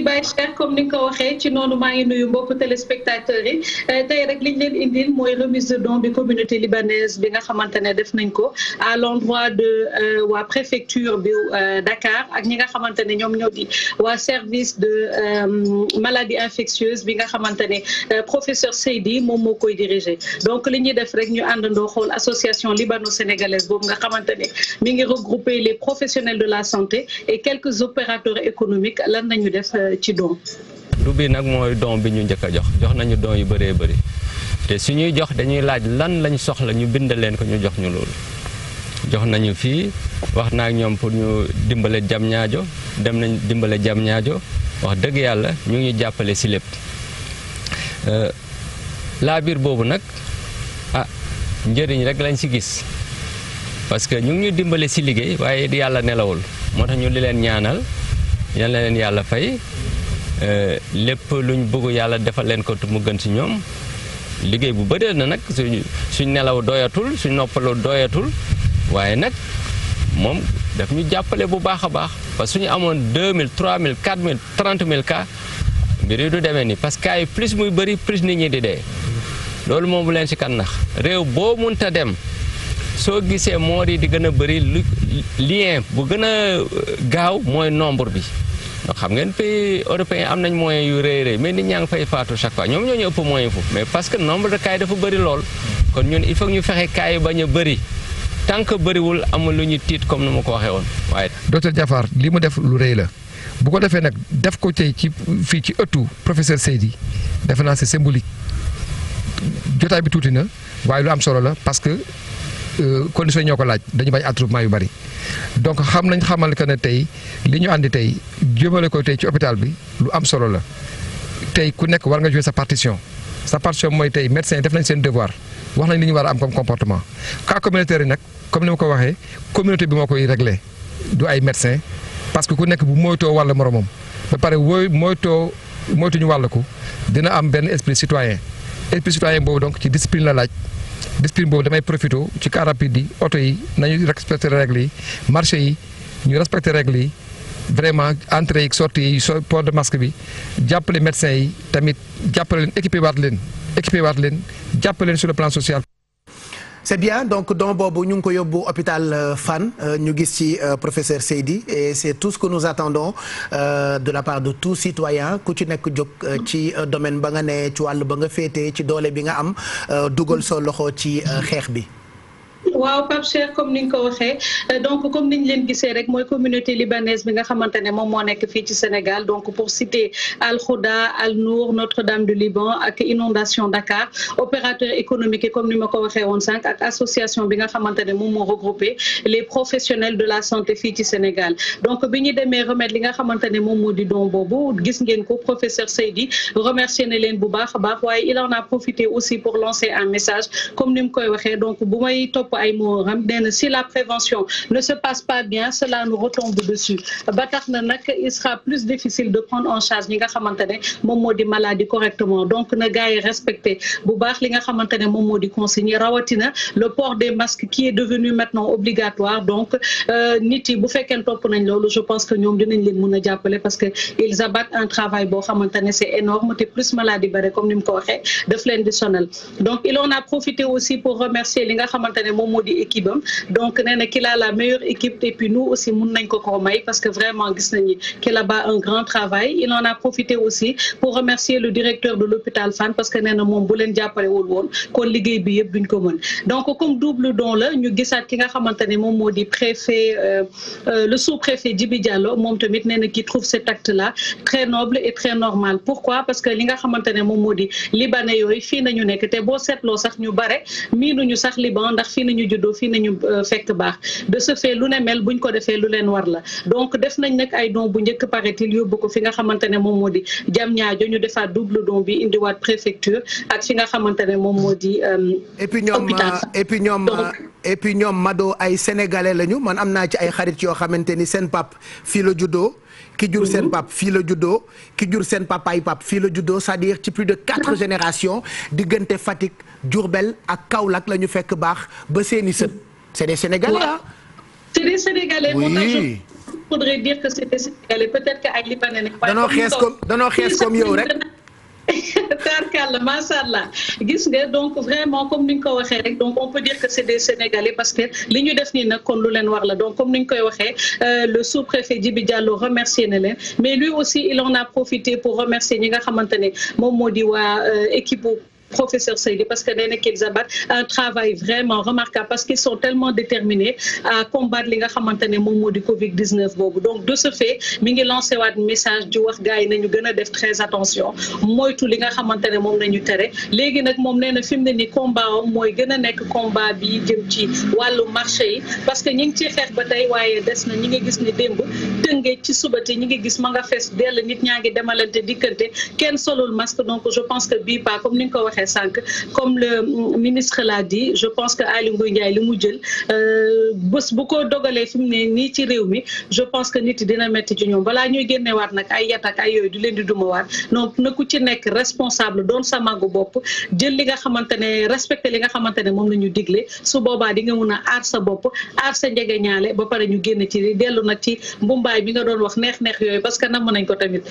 Baye Cheikh comme ni nga ko waxee ci noonu maa ngi nuyu mbokk téléspectateurs yi euh, tey rek liñ leen indil mooy remise de dons bi communauté libanaise bi nga xamante ne def nañ ko à l'endroit de euh, waa préfecture bi euh, Dakar ak ñi nga xamante ne ñoom ñoo di waa service de maladie infectieuse bi nga xamante ne professeur Seydi moom moo koy diriger donc li ñuy def rek ñu àndandoo xool association libano-sénégalaise boobu nga xamante ne mi ngi regrouper les professionnels de la santé et quelques opérateurs économiques lan nañu def ci don du bi nag mooy doom bi ñu njëkk a jox jox nañu doom yu bëree bëri te su ñuy jox dañuy laaj lan lañ soxla ñu bind leen ko ñu jox ñu loolu jox nañu fii wax naa ñoom pour ñu dimbale jam ñaajo dem nañ dimbale jam ñaajo wax dëgg yàlla ñu ngi jàppale si lépp euh, laa biir boobu nag ah njëriñ rek lañ si gis parce que ñu ngi ñu dimbale si liggéey waaye yàlla nelawul moo tax ñu di leen ñaanal yal la leen yàlla fay euh, lépp lu luñ bëgg yàlla defal leen ko mu gën ci ñoom liggéey bu bëree na nag su suñ nelaw doyatul suñ noppaloo doyatul waaye nag moom daf ñu jàppale bu baax a baax parce que suñu amoon 2000 3000 4000 30000 cas mbir yi du demee ni parce que cas plus muy bëri plus nit ñi di dee loolu moom bu leen ci kan nax réew boo munta dem. soo gisee moor yi di gën a bëri lu lien bu gën a gaaw mooy nombre bi xam ngeen pays européen am nañ moyens yu rëy rëy mais nit ñaa ngi fay faatu chaque fois ñoom ñoo ñu ëpp moyen foofu mais parce que nombre de cas yi dafa bëri lool kon ñu ñun il faut ñu fexe cas yi bañ a bëri tant que bëriwul amul lu ñu tiit comme nu ma ko waxee woon waaye. docteur jafaar li mu def lu rëy la bu ko defee nag def ko tey ci fii ci ëttu professeur Seydi defe naa c'est symbolique jotaay bi tuuti na waaye lu am solo la parce que. Euh, conditions yi ñoo ko laaj dañu bañ attroupement yu bari donc xam nañ xamal que ne tey li ñu àndi tey jëmale ko tey ci hôpital bi lu am solo la tey ku nekk war nga jouer sa partition sa partition mooy tey médecin def nañ seen devoir wax nañ li ñu war a am comme comportement cas communautaire yi nag comme ni ma ko waxee communauté bi moo koy réglé du ay médecin parce que ku nekk bu moytoo wàll moromam ba pare wooy moytoo moytuñu wàll ko dina am benn esprit citoyen esprit citoyen boobu donc ci discipline la laaj discipline boobu damay profité ci car rapide yi oto yi nañu respecté règle yi marché yi ñu respecté règle yi vraiment entrée yi sorti yi port de masque bi jàppale médecins yi tamit jàppale leen équipé waat leen équipé waat leen jàppale leen sur le plan social c'est bien donc don boobu ñu ngi ko yóbbu hôpital euh, Fann euh, ñu gis ci euh, professeur Seydi et c'est tout ce que nous attendons de la part de tout citoyen ku ci nekk jóg ci domaine ba nga ne ci wàll ba nga féete ci doole bi nga am dugal sa loxo ci xeex bi waaw Pape Cheikh comme ni nga ko waxee euh, donc comme ni ñu leen gisee rek mooy communauté libanaise bi nga xamante ne moom moo nekk fii ci Sénégal donc pour citer Al Houda Al Nour Notre-Dame du Liban ak Inondation Dakar opérateur économique yi comme ni ma ko waxee woon sànq ak association bi nga xamante ne moom moo regroupé les professionnels de la santé fii ci Sénégal donc bi ñu demee remettre li nga xamante ne moom moo di don boobu gis ngeen ko professeur Seydi remercier ne leen bu baax a baax waaye a profité aussi pour lancer un message comme ni koy waxee donc bu may topp ay ay moo xam nee na si la prévention ne se passe pas bien cela nous retombe dessus ba tax na nag il sera plus difficile de prendre en charge ñi nga xamante ne di maladie correctement donc na gars yi bu baax li nga xamante ne di consigne rawatina le port des masques qui est devenu maintenant obligatoire donc euh, nit bu fekkee topp loolu je pense que ñoom dinañ leen mën a jàppale parce que ils abattent un travail boo xamante ne c'est énorme te moo di équipe am donc nee na qu'il a la meilleure équipe et puis nous aussi mun nañ ko ko may parce que vraiment gis nañu qu'il a bas un grand travail il en a profité aussi pour remercier le directeur de l'hôpital Fann parce que nee na moom bu leen jàppale wul woon kon liggéey bi yëpp duñ ko mën donc comme double don la ñu gisaat ki nga xamante ne moom moo di préfet euh, euh, le sous-préfet Djibi Diallo moom tamit nee ki qui trouve cet acte là très noble et très normal pourquoi parce que li nga xamante ne moom moo di libanais yooyu fii nañu nekk te boo seetloo sax ñu bare ñu juddoo fii nañu euh, fekk baax de ce fait lu ne mel buñ ko defee lu leen war la donc def nañ nag ay don bu njëkk paraît yóbbu ko fi nga xamante ne moom moo di jam ñaajo ñu defaat double don bi indiwaat préfecture ak fi nga xamante ne moom moo di et euh, ñoom et puis ñoom euh, et puis ñoom Mado ay sénégalais lañu man am naa ci ay xarit yoo xamante ni seen pap fii la juddoo ki jur seen mhm. pap fii la juddoo ki jur seen papaay pap fii la juddoo c'est-à-dire ci plus de quatre mhm. générations diggante Fatick Diourbel ak Kaolack la ñu seeni sët c'est des Sénégalais ah. c'est des Sénégalais. oui moo tax je voudrais dire que c'est des Sénégalais peut-être que ay Libanais. waaye danoo xees comme danoo xees comme yow rek. tarkalla macha allah gis nga donc vraiment comme ni ñu ko waxee rek donc on peut dire que c'est des sénégalais parce que li ñu def nii nag kon lu leen war la donc comme ni ñu koy waxee euh, le sous-préfet Djibi Diallo remercier na leen mais lui aussi il en a profité pour remercier ñi nga xamante ne moom moo di waa euh, équipe professeur Seydi parce que nee na qu'ils abattent un travail vraiment remarquable parce qu'ils sont tellement déterminés à li nga xamante moom moo di Covid 19 boobu donc de ce nañu a def très attention moytu li nga tere léegi nag moom nee na fi mu ne ni combat am mooy gën a nekk combat bi jëm ci wàllu marché yi parce que ñi ngi ciy xeex ba tey waaye des na ñi nga gis ni démb tëngee ci suba te ñi ngi gis ma nga fees dell nit ñaa ngi demalante dikkante kenn solul masque donc je pense que bii pas comme ni nga ko waxee waxee sànq comme le ministre l'a dit je pense que Aly Ngouille li mu jël euh, bu ko dogalee fi mu ne nii ci réew mi je pense que nit dina métti ci ñoom balaa ñuy génnewaat nag ay yatak ay yooyu du leen di dumawaat donc na ku ci nekk responsable doon sa màggu bopp jël li nga xamante ne respecté li nga xamante ne moom la ñu digle su boobaa di nga mun a aar sa bopp aar sa ñaale ba pare ñu génne ci dellu nag ci mbumbaay bi nga doon wax neex-neex yooyu parce que namm nañ ko tamit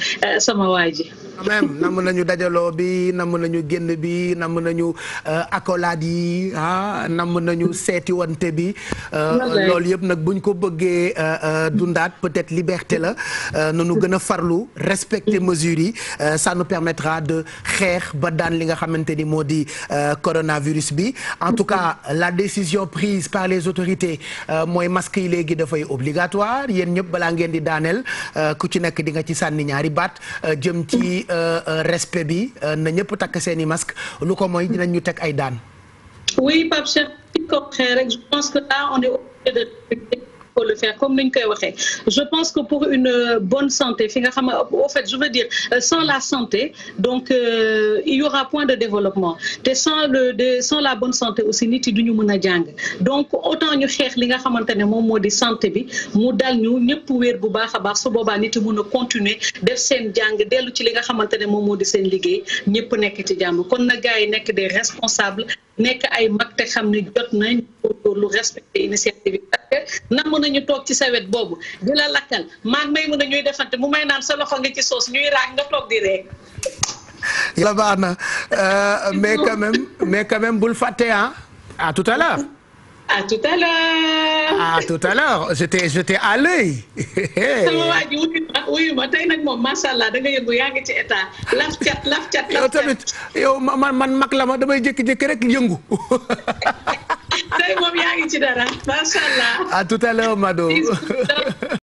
euh, yi namm nañu euh, accolade yi ah namm nañu seeti wante bi euh, loolu yëpp nag buñ ko bëggee euh, dundaat peut-être liberté la nanu gën a farlu respecter mm. mesures yi ça nous permettra de xeex ba daan li nga xamante ni moo di coronavirus bi en tout cas la décision prise par les autorités mooy masque yi léegi dafay obligatoire yéen ñëpp balaa ngeen di daaneel ku ci nekk di nga ci sànni ñaari baat jëm ci respect bi na ñëpp takk seeni masque lu ko mooy dinañ ñu teg ay daan. oui Pape je pense que là on est obligé de faut le faire comme ni ñu koy waxee je pense que pour une euh, bonne santé fi nga xam au fait je veux dire euh, sans la santé donc euh, il point de développement te sans le la bonne santé aussi nit yi du ñu mën a jàng donc autant ñu xeex li nga xamante ne moom moo di santé bi mu dal ñu ñëpp wér bu baax a baax su boobaa nit yi mën a continuer def seen jàng dellu ci li nga xamante ne moom moo di seen liggéey ñëpp nekk ci jàmm kon na gars yi nekk de responsables nekk ay mag te xam ne jot na lu respecté initiative yi parce que namm nañu toog ci sa wet boobu di la lakkal maag may mu a ñuy defante mu may naan sa loxo nga ci soos ñuy raak nga toog di rek yàlla baax na euh, mais quand même mais quand même bul fàtte ah à À tout à l'heure. À tout à l'heure j'étais j'étais à l'œil. ma wuyu ma nag moom macha allah da nga yëngu yaa ngi ci état laf cat laf cat. yow tamit yow man man mag la ma damay jékki-jékki rek yëngu. tey moom yaa ngi ci dara macha allah. À tout à